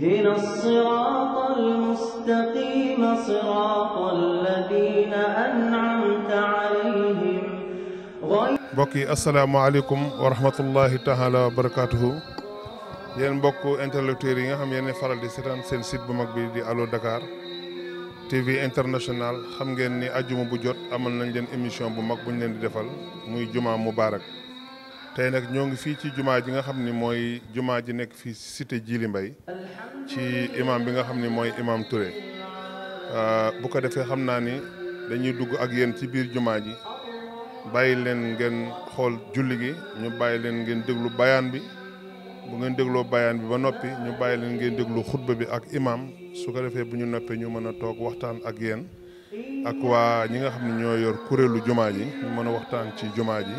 اهدنا الصراط المستقيم صراط الذين أنعمت عليهم غير بوكي السلام عليكم ورحمة الله تعالى وبركاته yen mbokk interlocuteur yi nga xam yene faral di setan sen site bu mag bi di Allo Dakar TV international xam ngeen ni aljuma bu jot amal nañ len émission bu mag buñ len di defal muy juma mubarak tey nag ñoo ngi fii ci jumaa ji nga xam ni mooy jumaa ji nekk fii cité Djily Mbaye ci imam bi nga xam ni mooy imam Touré euh, bu ko defee xam naa ni dañuy dugg ak yéen ci biir jumaa ji bàyyi leen ngeen xool julli gi ñu bàyyi leen ngeen déglu bayaan bi bu ngeen dégloo bayaan bi ba noppi ñu bàyyi leen ngeen déglu xutba bi ak imaam su ko defee bu ñu noppee ñu mën a toog waxtaan ak yéen ak waa ñi nga xam ne ñoo yor kuréelu jumaa ji ñu mën a waxtaan ci jumaa ji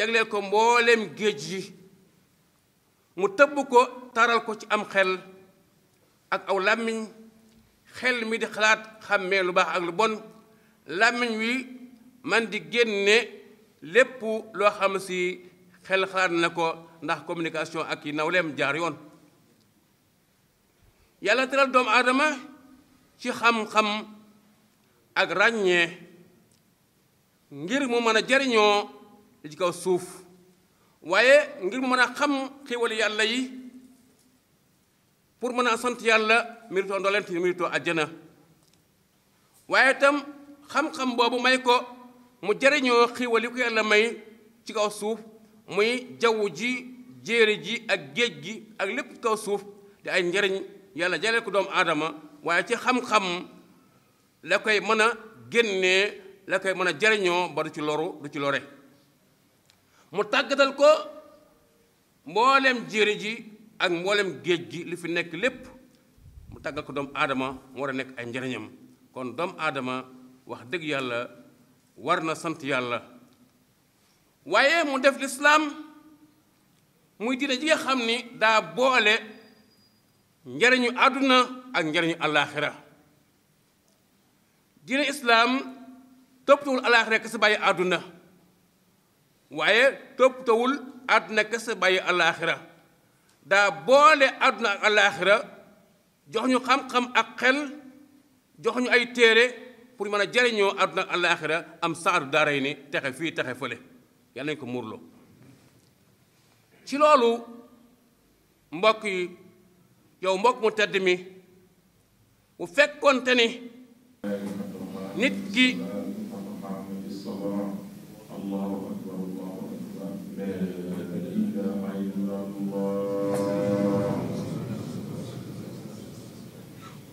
jagleel ko mbooleem géej yi mu tëbb ko taral ko ci am xel ak aw làmmiñ xel mi di xalaat xàmmee lu baax ak lu bon làmmiñ wi man di génne lépp loo xam si xel xalaat na ko ndax communication ak yi nawleem jaar yoon yàlla teral doomu aadama ci xam-xam ak ràññee ngir mu mën a jariñoo li ci kaw suuf waaye ngir mën a xam xéwal yàlla yi pour mën a sant yàlla méritoo ndolent méritoo àjjana waaye tam xam-xam boobu may ko mu jariñoo xéwal yi ko yàlla may ci kaw suuf muy jaww ji jéere ji ak géej gi ak lépp ci kaw suuf te ay njariñ yàlla jagleel ko doomu aadama waaye ci xam-xam la koy mën a génnee la koy mën a jariñoo ba du ci loru du ci lore mu tàggatal ko mboolem jéeri ji ak mboolem géej gi li fi nekk lépp mu tàggal ko doomu aadama mu war a nekk ay njariñam kon doomu aadama wax dëgg yàlla war na sant yàlla waaye mu def lislaam muy diine ji nga xam ni daa boole njariñu àdduna ak njariñu alaaxira diine islaam toppatuwul alaaxira ka si bàyyi àdduna waaye toppatawul àdduna kese bàyyi alaaxira daa boole àdduna ak alaaxira jox ñu xam-xam ak xel jox ñu ay téere pour mën a jariñoo àdduna ak alaaxira am saadu daaray ni texe fii texe fële yàlla nañ ko murlo ci loolu mbokk yi yow mbokk mu tedd mi bu fekkonte ni nit ki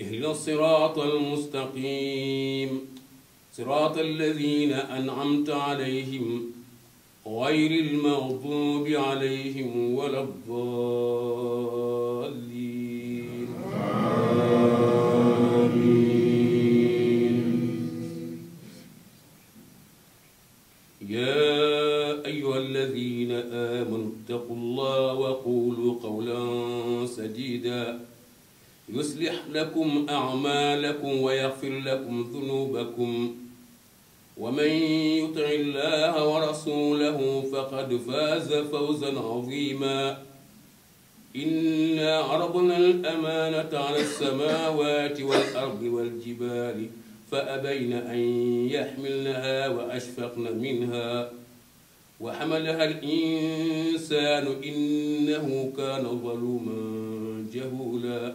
اهدنا الصراط المستقيم صراط الذين أنعمت عليهم غير المغضوب عليهم ولا الضالين آمين يا أيها الذين آمنوا اتقوا الله وقولوا قولا سديدا يصلح لكم أعمالكم ويغفر لكم ذنوبكم ومن يطع الله ورسوله فقد فاز فوزا عظيما إنا عرضنا الأمانة على السماوات والأرض والجبال فأبين أن يحملنها وأشفقن منها وحملها الإنسان إنه كان ظلوما جهولا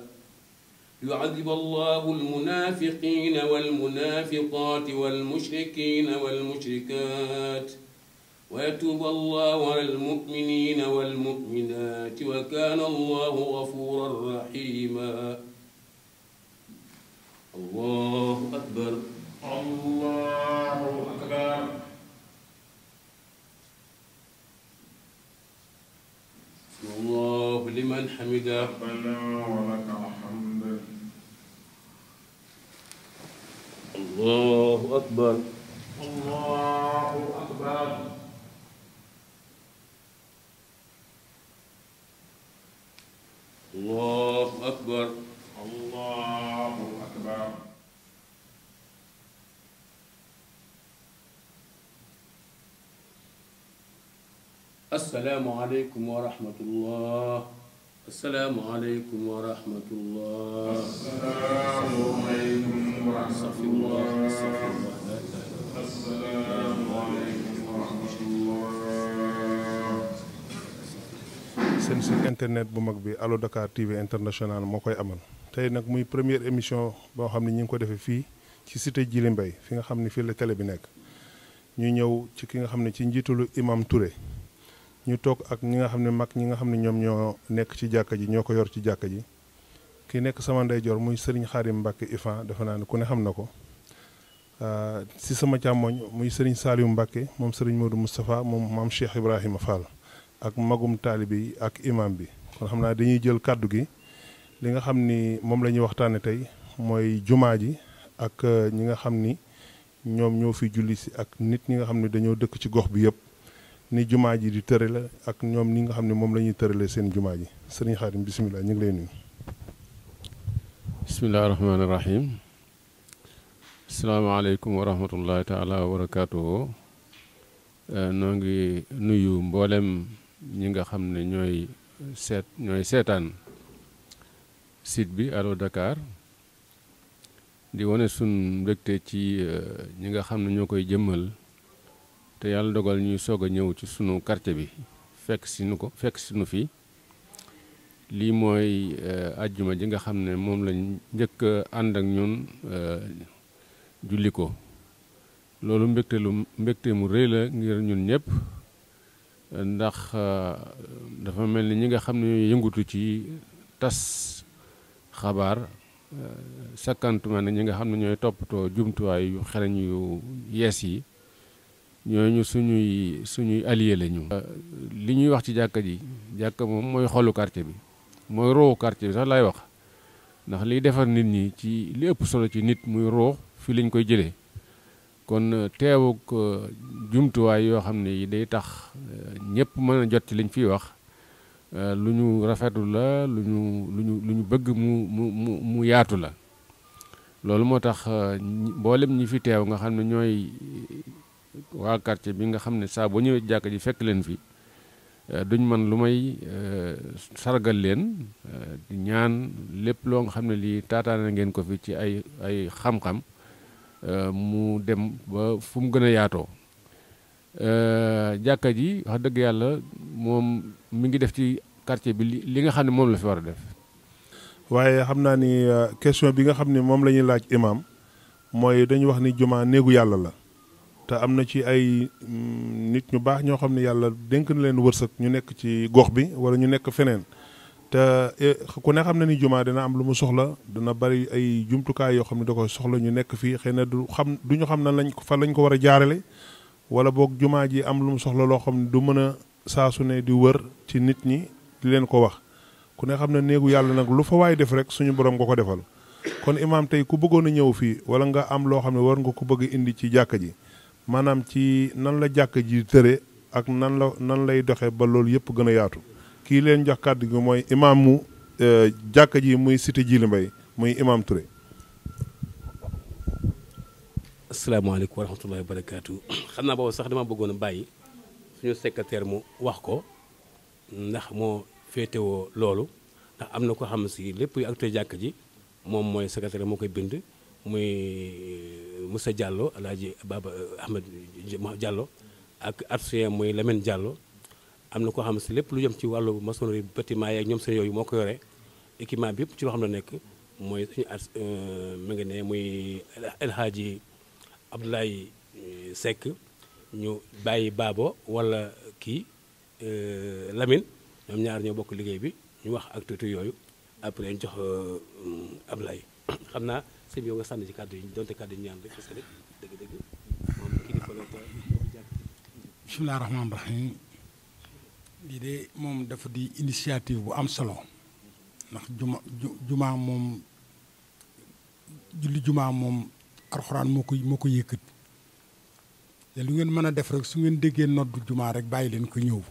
يعذب الله المنافقين والمنافقات والمشركين والمشركات ويتوب الله على المؤمنين والمؤمنات وكان الله غفورا رحيما الله أكبر الله أكبر الله لمن حمده ربنا ولك الحمد أكبر الله أكبر الله أكبر الله أكبر السلام عليكم ورحمة الله asalaamualeykum wa seen site internet bu mag bi Allo Dakar TV international moo koy amal tey nag muy première émission boo xam ne ñi ngi ko defee fii ci cité Djily Mbaye fi nga xam ne fii la télé bi nekk ñu ñëw ci ki nga xam ne ci njiitalu imam ture ñu toog ak ñi nga xam ne mag ñi nga xam ne ñoom ñoo nekk ci jàkka ji ñoo ko yor ci jàkka ji ki nekk sama ndeyjoor muy Serigne Xaadim Mbacke Ifan defe naa ne ku ne xam na ko ah, si sama càmmoñ muy Serigne Saliou Mbacke moom Serigne Modou Moustapha moom maam Cheikh Ibrahima Fall ak magum taalibe yi ak imam bi kon xam naa dañuy jël kàddu gi li nga xam ni moom la ñuy waxtaane tey mooy jumaa ji ak ah, ñi nga xam ni ñoom ñoo fi julli si ak nit ñi nga xam ne dañoo dëkk ci gox bi yëpp. ni jumaa ji di tërale ak ñoom ñi nga xam ne moom la ñuy tërale seen jumaa ji sëriñ Xaadim bisimilah ñu ngi lay nuyu. bisimilah rahmaani rahim. asalaamaaleykum wa rahmatullahi taala wa barakaatuhu. Eh, ngi nuyu mboolem ñi nga xam ne ñooy seet ñooy seetaan siit bi Allo Dakar. di wane sun mbégte ci eh, ñi nga xam ne ñoo koy jëmmal. te yàlla dogal ñuy soog a ñëw ci sunu karce bi fekk si nu ko fekk si nu fii lii mooy euh, àjjuma ji nga xam ne moom lañ njëkk ànd ak ñun euh, julli ko loolu mbégte lu mbégte mu réy la ngir ñun ñëpp ndax euh, dafa mel ni ñi nga xam ne yëngutu ci tas xabaar sakkantuma ne ñi nga xam ne ñooy toppatoo jumtuwaay yu xereñ yu yees yi ñooñu suñuy suñuy allié la ñu. Euh, li ñuy wax ci jàkka ji jàkka moom mooy xolu quartier bi mooy roowu quartier bi sax laay wax ndax liy defar nit ñi ci li ëpp solo ci nit muy roox fi lañ koy jëlee kon euh, teewug euh, jumtuwaay yoo xam ne yi day tax ñëpp mën a jot ci liñ fiy wax lu ñu rafetu la lu ñu lu ñu lu ñu bëgg mu mu mu mu yaatu la loolu moo tax mboolem ñi fi teew nga xam ne ñooy. waa quartier bi nga xam ne saa boo ñëwee jàkk ji fekk leen fi euh, duñ man lu may euh, sargal leen euh, ñaan lépp loo nga xam ne lii taataana ngeen ko fi ci ay ay xam-xam mu dem ba fu mu gën a yaatoo jàkka ji wax dëgg yàlla moom mu ngi def ci quartier bi li nga xam ne moom la fi war a def. waaye xam naa ni question bi nga xam ne moom lañuy laaj imaam mooy dañu wax ni jumaa néegu yàlla la. ta amnachi ci ay mm, nit ñu bax ñoo xamni yalla denk na leen wërsëg ñu nekk ci gox bi wala ñu nekk feneen te e, ku ne xam na ni juma dina am lu mu soxla dina bari ay jumtukaay yoo xam ne da koy soxla ñu nekk fii xëy na du xam du ñu xam nan lañ fa lañ ko war a jaarale wala boog juma ji am lu mu soxla loo xam ne du mën a saasu ne di wër ci nit ñi di leen ko wax ku ne xam ne néegu yàlla nag lu fa waay def rek suñu borom nga defal kon imam tey ku bëggoon a ñëw fii wala nga am loo xam ne war nga ko bëgg indi ci jàkka ji maanaam ci nan la jàkk ji tëre ak nan la nan lay doxe ba loolu yëpp gën a yaatu kii leen jox kàddu gi mooy imaam mu euh, jàkk ji muy cité Djily Mbaye muy imaam Touré. asalaamaaleykum wa rahmatullahi wa barakaatu xam naa boobu sax dama bëggoon a bàyyi suñu secrétaire mu wax ko ndax moo féetewoo loolu ndax am na ko xam si lépp acteur jàkk ji moom mooy secrétaire moo koy bind muy Moussa Diallo El Hadj Baba euh, Ahmed jàllo ak artisan muy Lamine jàllo am na koo xam si lépp lu jëm ci wàllu maçonnerie bâtiment yeeg ñoom seen yooyu moo ko yore équipement bi yëpp ci loo xam ne nekk mooy suñu at euh, mi ngi ne muy El Hadj Abdoulaye euh, Seck ñu bàyyi baabo walla kii Lamine ñoom ñaar ñoo bokk liggéey bi ñu wax ak tuuti yooyu après ñu jox Abdoulaye sëñ bi yow nga sànni ci kàddu yi donte kàddu yi ñaan rek parce que rek dëgg-dëgg moom kilifa la ko jàpp bismillah rahmaan rahim lii de moom dafa di initiative bu am solo ndax juma juma moom julli juma moom alxuraan moo ko moo ko yëkkat te lu ngeen mën a def rek su ngeen déggee noddu juma rek bàyyi leen ko ñëw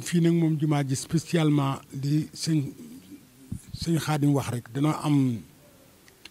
fii nag moom juma ji spécialement li sëñ sëñ xaadim wax rek dana am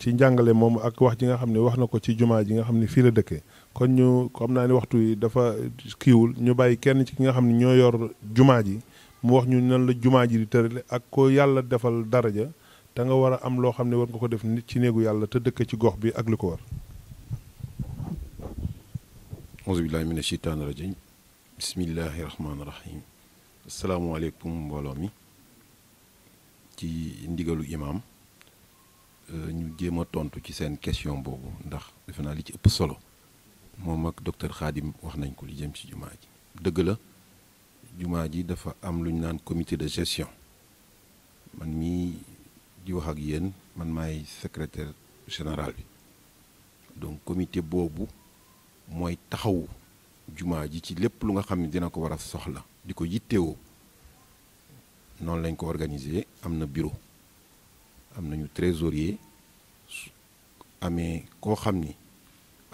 ci njàngale moom ak wax ji nga xam ne wax na ko ci jumaa ji nga xam ne fii la dëkkee kon ñu xam naa ni waxtu yi dafa kiiwul ñu bàyyi kenn ci ki nga xam ne ñoo yor jumaa ji mu wax ñu nan la jumaa ji di tërale ak ko yàlla defal daraja da nga war a am loo xam ne war nga ko def nit ci néegu yàlla te dëkk ci gox bi ak li ko war auzu billahi mina sheytaani rajim mbooloo mi ci ndigalu Euh, ñu jéem tontu ci sen question bobu ndax defe li ci ëpp solo mom ak docteur Khadim wax nañ ko li jëm ci juma ji deug la juma ji dafa am luñ ñu comité de gestion man mi di wax ak yeen man may secrétaire général bi donc comité bobu moy taxaw juma ji ci lepp lu nga xam ne dina ko wara soxla diko ko non lañ ko organiser amna bureau. am nañu trésorier su amee koo xam ni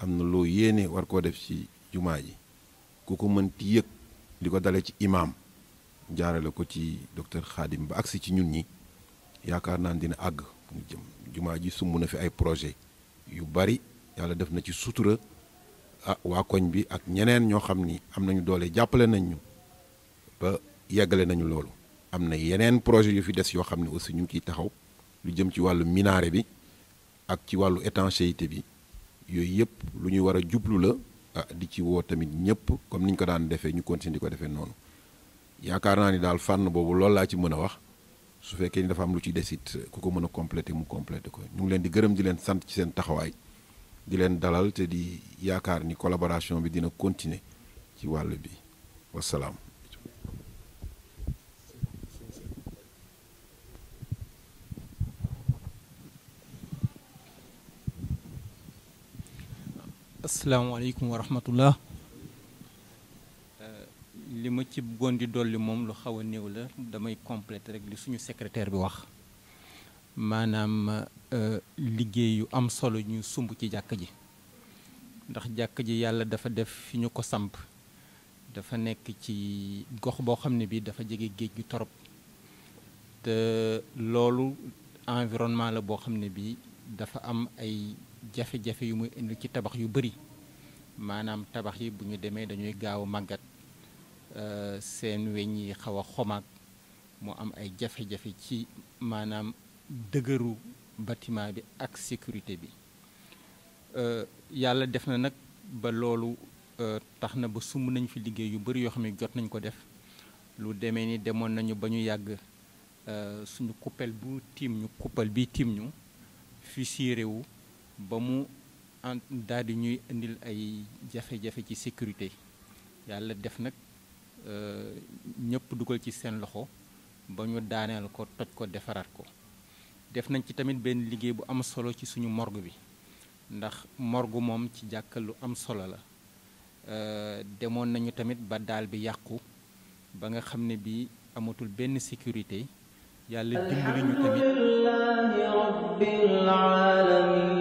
am na loo yéene war koo def ci jumaa ji ku ko mën ti yëg li ko dale ci imaam jaarale ko ci docteur Khadim ba agsi ci ñun ñi yaakaar naa dina àgg jëm jumaa ji sumb na fi ay projet yu bari yàlla def na ci sutura ah waa koñ bi ak ñeneen ñoo xam ni am nañu doole jàppale nañ ñu ba yeggale nañu loolu am na yeneen projet yu fi des yoo xam ne aussi ñu ngi ciy taxaw lu jëm ci wàllu minaare bi ak ci wàllu étanchéité bi yooyu yëpp lu ñuy war a jublu la ah di ci woo tamit ñëpp comme ni ñu ko daan defee ñu continuer di ko defee noonu yaakaar naa ni daal fànn boobu loolu laa ci mën a wax su fekkee ni dafa am lu ci desit ku ko mën a complété mu complété ko ñu ngi leen di gërëm di leen sant ci seen taxawaay di leen dalal te di yaakaar ni collaboration bi dina continuer ci wàll bi wasalaam. asalaamaaleykum wa rahmatullah euh, li ma ci buggoon di dolli moom lu xaw a néew la damay compléter rek li suñu secrétaire bi wax maanaam euh, liggéey yu am solo ñu sumb ci jàkk ji ndax jàkk ji yàlla dafa def fi ñu ko samp dafa nekk ci gox boo xam ne bi dafa jege géej gi torop te loolu environnement la boo xam ne bi dafa am ay jafe-jafe yu muy indi ci tabax yu bëri maanaam tabax yi bu ñu demee dañuy gaaw a màggat euh, seen weñ yi xaw a xomaag mu am ay jafe-jafe ci maanaam dëgëru bâtiment bi ak sécurité bi euh, yàlla def na nag ba loolu euh, tax na ba sumb nañ fi liggéey yu bëri yoo xam ne jot nañ ko def lu demee ni demoon nañu ba ñu yàgg suñu kuppel bu tiim ñu kuppel bi tiim ñu fi siirewu ba mu en daal di ñuy indil ay jafe-jafe ci sécurité yàlla def nag euh, ñëpp dugal ci seen loxo ba ñu daaneel ko toj ko defaraat ko def nañ ci tamit benn liggéey bu am solo ci suñu morgue bi ndax morgue moom ci jàkka lu am solo la euh, demoon nañu tamit ba daal bi yàqu ba nga xam ne bi amatul benn sécurité yàlla dimbali ñu tamit